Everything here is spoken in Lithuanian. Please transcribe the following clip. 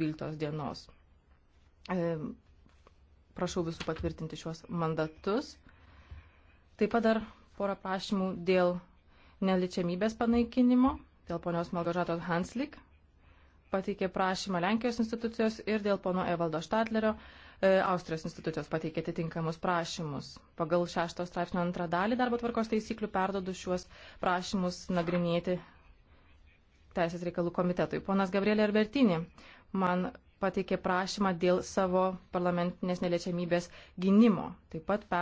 12 dienos. E, prašau visų patvirtinti šiuos mandatus. Taip pat dar porą prašymų dėl neličiamybės panaikinimo, dėl ponios Malgožatos Hanslik pateikė prašymą Lenkijos institucijos ir dėl pono Evaldo Štatlerio e, Austrijos institucijos pateikė atitinkamus prašymus. Pagal 6 straipsnio antrą dalį darbo tvarkos taisyklių perdodu šiuos prašymus nagrinėti Teisės reikalų komitetui. Ponas Gabrielė Arbertinė man pateikė prašymą dėl savo parlamentinės neliečiamybės gynimo taip pat